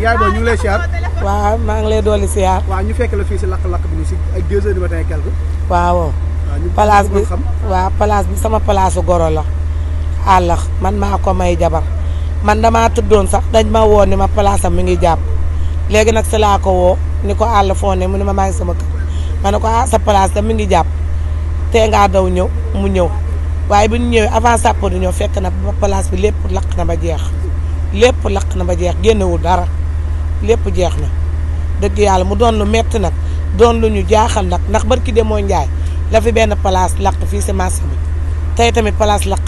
yaay ñu ngi lay siyaar. waaw maa ngi lay dolli siyaar. waaw ñu fekk la fii si lakk-lakk bi nii si ay deux heures du matin quelque. waaw. place bi sama place goro la. àllax man maa ko may jabar man damaa tuddoon sax dañ ma woon ni ma palaasam am mi ngi jàpp léegi nag si laa ko woo ni ko àll foo mu ni ma maa ngi sama kër ma ne ko ah sa place tam mi ngi jàpp te ngaa daw ñëw mu ñëw waaye bi ñu ñëwee avant sàpp du ñëw fekk na ba place bi lépp lakk na ba jeex lépp lakk na ba jeex génnewul dara lépp jeex na dëgg yàlla mu doon lu metti nag doon lu ñu jaaxal nag ndax barki de mooy njaay la fi benn place lakk fii si marché bi tey tamit place lakk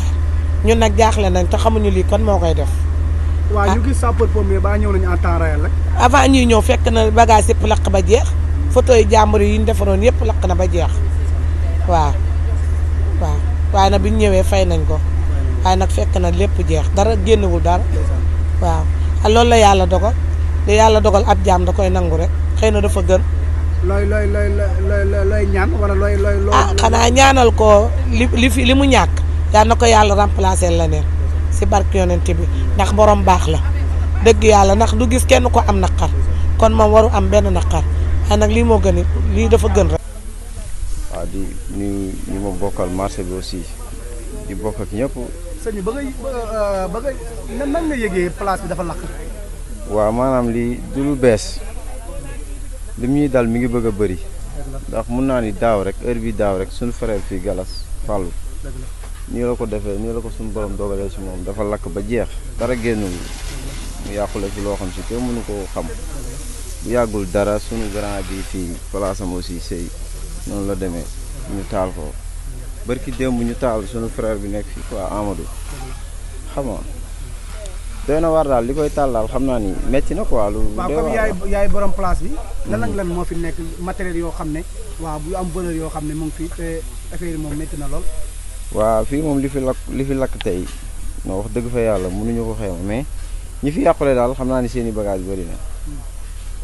ñun nag jaaxle nañ te xamuñu lii kon moo koy def. waaw ñu ah. gis sapeur ñëw nañu en temps réel avant ñuy ñëw fekk na bagage yëpp lakk ba jeex foto yi jàmbur yi ñu defaroon yëpp lakk na ba jeex waaw waaw waaye nag bi ñëwee fay nañ ko waaye nag fekk na lépp jeex dara génnewul dara waaw loolu la yàlla dogal. li yalla dogal ab jam da koy nangou rek xeyna na dafa gën. loy loy loy loy loy ñaan wala loy loy loy ah, xana ñaanal ko li li fi li mu ñàkk yal na ko remplacer leneen ci bark yonent bi ndax borom bax la deug yalla ndax du gis kenn ko am nakar kon mom waru am ben nakar waaye nag lii moo gën lii dafa gën rek. wa di ni ni mo bokal marché bi aussi di bokk ak ñëpp. sëñ ba ngay ba euh, ngay nan nga yegge place bi dafa lakk. waaw maanaam lii du lu bees lim ñuy dal mi ngi bëgg a bëri ndax mun naa ni daaw rek heure bi daaw rek suñu frère fii galas fàllu nii la ko defee nii la ko suñu borom dogalee si moom dafa lakk ba jeex dara génnul mu yàqule fi loo xam si kenn mënu ko xam bu yàggul dara suñu grand bi fii place aussi sëy noonu la demee ñu taal ko barki démb ñu taal suñu frère bi nekk fii quoi Amadou xam nga doy na waar daal li koy tàllaal xam naa ni métti na quoi. lu doy waar waaw yaay borom place bi. Hmm. lan nag lan moo fi nekk matériel yoo xam ne waaw bu am valeur yoo xam ne mu ngi fi te affaire moom métti na lool. waaw fii moom li fi lakk li fi lakk tey moo wax dëgg fa yàlla mënuñu ko xew mais ñi fi yàqule daal xam naa ni seen i bagage bëri na hmm.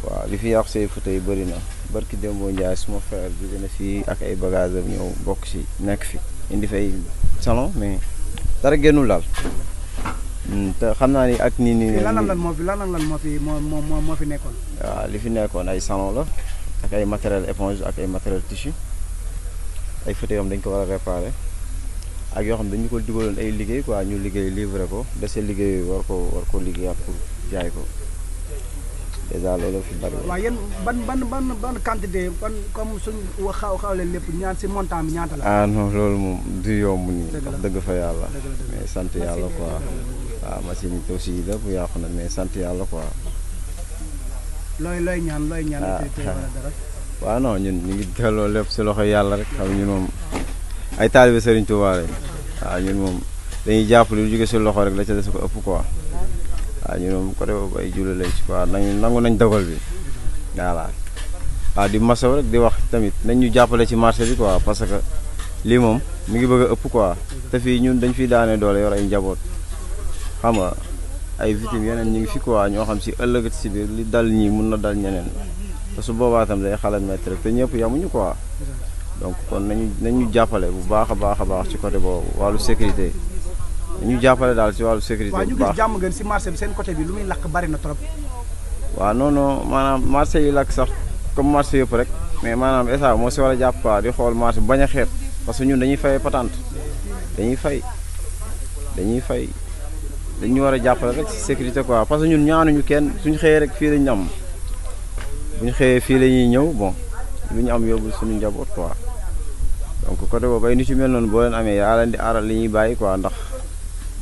waaw li fi yàq seen fauteuil bëri na barki Dembo Ndiaye suma frère bi gën a fii ak ay bagage am ñëw bokk si nekk fi indi fay salon mais dara génnul Mm, te xam naa ni ak ni ni lan lan moo fi lan lan moo fi moo moo moo fi nekkoon. waaw li fi nekkoon ay salon la ak ay matériel éponge ak ay matériel tissu ay fauteuil yoo dañ ko war a réparer ak yoo xam dañu ko dugaloon ay liggéey quoi ñu liggéey livre ko dese liggéey war ko war ko liggéeyaat pour jaay ko dèjà loolu fi bari waaw yéen ban ban ban ban quantité ban comme suñ xaw xawle lépp ñaan si montant ñaanta la. ah non loolu moom du yomb nii. dëgg fa sant yàlla quoi. waaw machine yi aussi lépp yàqu na mais sant yàlla ko looy looy ñaan looy ñaan. Ah, waaw ñun ñu ngi delloo lépp si loxo yàlla rek xam ñun moom ay taalibe Serigne Touba lañ waaw ñun moom dañuy jàpp lu jóge si loxo rek la ca des ko ëpp ko waaw ñun moom côté boobu ay jullit lañ si quoi nañu nangu nañ dogal bi voilà. waaw di masaw rek di wax tamit nañ ñu jàppale ci marché bi quoi parce que lii moom mu ngi bëgg a ëpp quoi te fii ñun dañ fiy daanee doole yor ay njaboot. xam nga ay victimes yeneen ñu ngi fi quoi ñoo xam si ëllëgat si biir li dal ñii mun na dal ñeneen te su boobaa itam day xalaat métti rek te ñëpp yamuñu quoi donc kon nañu nañu jàppale bu baax a baax a baax ci côté boobu wàllu sécurité nañu jàppale daal ci wàllu sécurité baax jàmm gën si marché bi seen côté bi lu muy lakk bari na trop. waaw non maanaam marché yi lakk sax comme marché yëpp rek mais maanaam état moo si war a jàpp quoi di xool marché bañ a xeet parce que ñun dañuy fay patente dañuy fay dañuy fay. ñu war a jàppale rek ci sécurité quoi parce que ñun ñu kenn suñu xëyee rek fii lañu am bu ñu xëyee fii la ñuy ñëw bon lu ñu am yóbbu suñu njaboot quoi donc côté boobu ay nit yu mel noonu boo leen amee yaa leen di aaral li ñuy bàyyi quoi ndax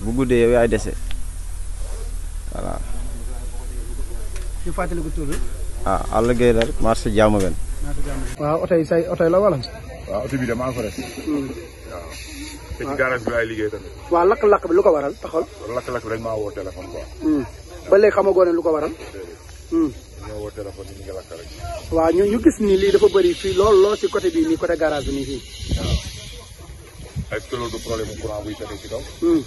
bu guddee yow yaay dese voilà. ñu fàttali ko tur bi. ah àll gay la rek marché jàmm benn. waaw oto say oto la wala. waaw oto bi de ko hmm. waaw. te ci garage bi laay liggéey tamit. waaw lakk-lakk bi lu ko waral taxawal. lakk-lakk bi dañ maa woo téléphone quoi. Hmm. ba léegi xamagoo ne lu ko waral. Hmm. ñoo woo téléphone yi ñu ngi lakk rek. waaw ñu ñu gis ni lii dafa bëri fii lool lool ci côté bii nii côté garage bi nii fii. waaw est-ce que loolu du problème mu ci kaw. Hmm.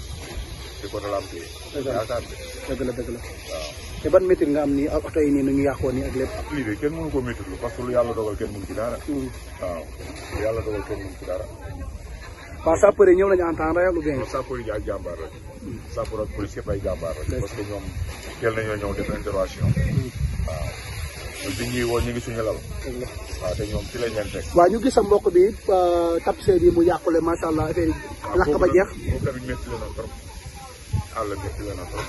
ci côté la am kii. dëgg la dëgg la dëgg la waaw. te ba métier nga am nii ak oto yi nii nu ñu yàqoo nii ak lépp. lii ah, de kenn mënu ko métier lu parce que lu yàlla dogal kenn mënu ci dara. lu yàlla dogal kenn mënu ci dara. waaw sapeur yi ñëw nañu en temps réel ou a sapeur yi ay jàmbaar rek. sapeur ak ay jàmbaar rek. parce que ñoom teel nañoo ñëw def intervention. Hmm. waaw woo ñu ngi suñu lal. waa te ñoom ci lañ rek waa ñu gis sa mbokk bi euh, tapissier bi mu yàqule macha allah affaire yi ah, lakk ba jeex. waaw boobu tamit métti la na trop. àll métti la na trop.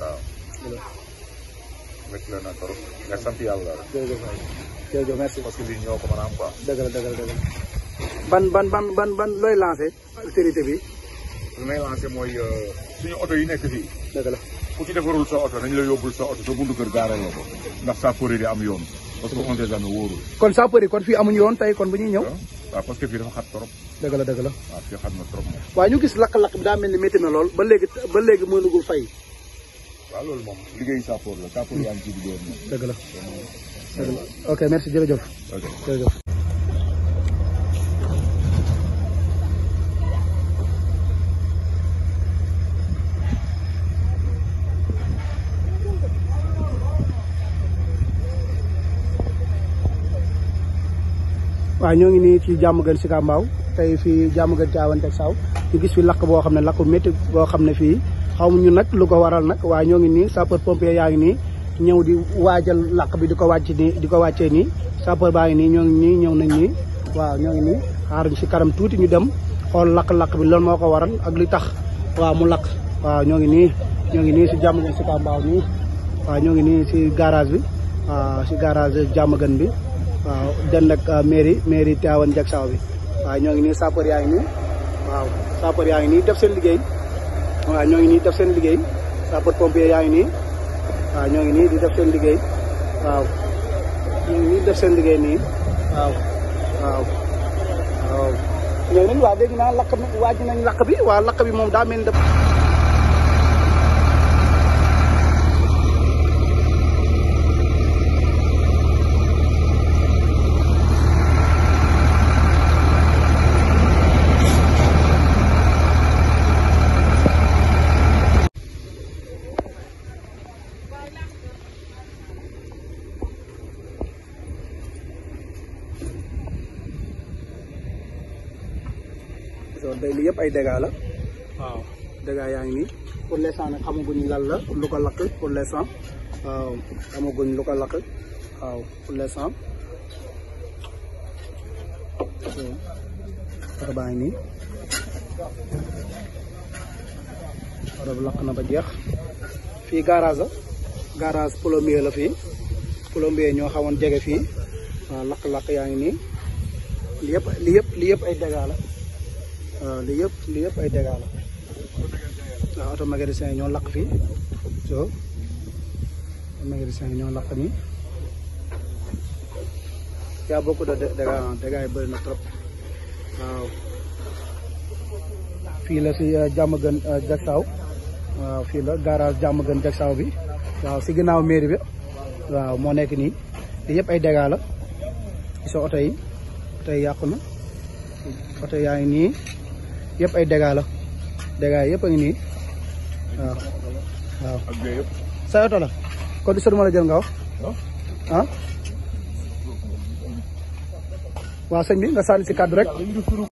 waaw. métti la na trop mais sant yàlla parce que lii ñoo ko mën a am quoi. dëgg la dëgg la ban ban ban ban ban looy lancé autorité bi. lu may lancé mooy euh, suñu oto yi nekk fii. dëgg la ku ci defarul sa oto la yóbbul sa oto sa buntu kër gaaral la ko ndax sapeurs di am yoon. parce que on sait jamais wóorul. kon sapeurs yi kon fii amuñu yoon tey kon bu ñuy ñëw. waaw parce que fii dafa xat trop. dëgg la dëgg la. waaw fii xat na trop moom. waaw ñu gis lakk-lakk bi daa mel ni métti na lool ba léegi ba léegi mënugul fay. waaw loolu moom liggéeyu sapeurs la sapeurs yaa ngi ci biir yoon. dëgg la dëgg la ok merci jërëjëf. ok waaw ñoo ngi jamu ci jàmm gën si Kambaaw tey fii jàmm gën ci Awante Saw ñu gis fi lakk boo xam ne lakku métti bo xam fi fii xaw ñu nag lu ko waral nag waaye ñoo ngi nii sapeur pompier yaa ngi nii ñëw di waajal lakk bi di ko wàcc di ko wàccee nii sapeur baa ngi nii ñoo ngi nii ñëw nañ nii waaw ñoo ngi xaar si karam tuuti ñu dem xool lak lakk bi lan moo ko waral ak li tax waaw mu lakk waaw ñoo ngi nii ñoo ngi si jàmm gën si Kambaaw ni waaw ñoo ngi nii si garage bi waaw si garage jamu gën bi waaw dend ak uh, mairie mairie Tivaouane Diacksao bi waaw ñoo ngi nii sapeur yaa ngi nii waaw sapeur yaa ngi nii def seen liggéey waaw ñoo ngi nii def seen liggéey sapeur yaa ngi nii waaw ñoo ngi nii di def seen liggéey nii def seen liggéey nii waaw waaw waaw ñoo ngi nii waaw dégg naa lakk bi waaj nañ lakk bi waaw lakk bi moom daa mel ni d'accord tey lii yëpp ay dégâts la. waaw dégâts yaa ngi nii pour l'instant nag xamaguñ lan la lu ko lakk pour l'instant waaw xamaguñ lu ko lakk waaw pour l'instant. oto nii oto lakk na ba jeex fii garage la garage plombier la fii plombier ñoo xawoon jege fii waaw lakk-lakk yaa ngi nii li yëpp li yëpp li yëpp ay dégâts la Euh, li yëpp lii yëpp ay dégâts la waaw oto magasin yi ñoo lakk fii so magasin yi ñoo lakk nii yaa beaucoup de dégâts dégâts yi bëri na trop waaw fii la si euh, Diamaguène euh, Diacksao waaw fii la garage Diamaguène Diacksao bi waaw si ginnaaw bi waaw moo nekk nii li yëpp ay dégâts la so oto yi oto yi yàqu na oto yaa nii yëpp ay dégâts la dégâts yëpp a ngi nii waaw waaw la kon di sotuma la jël nga wax ah waaw sëñ bi nga sànni si rek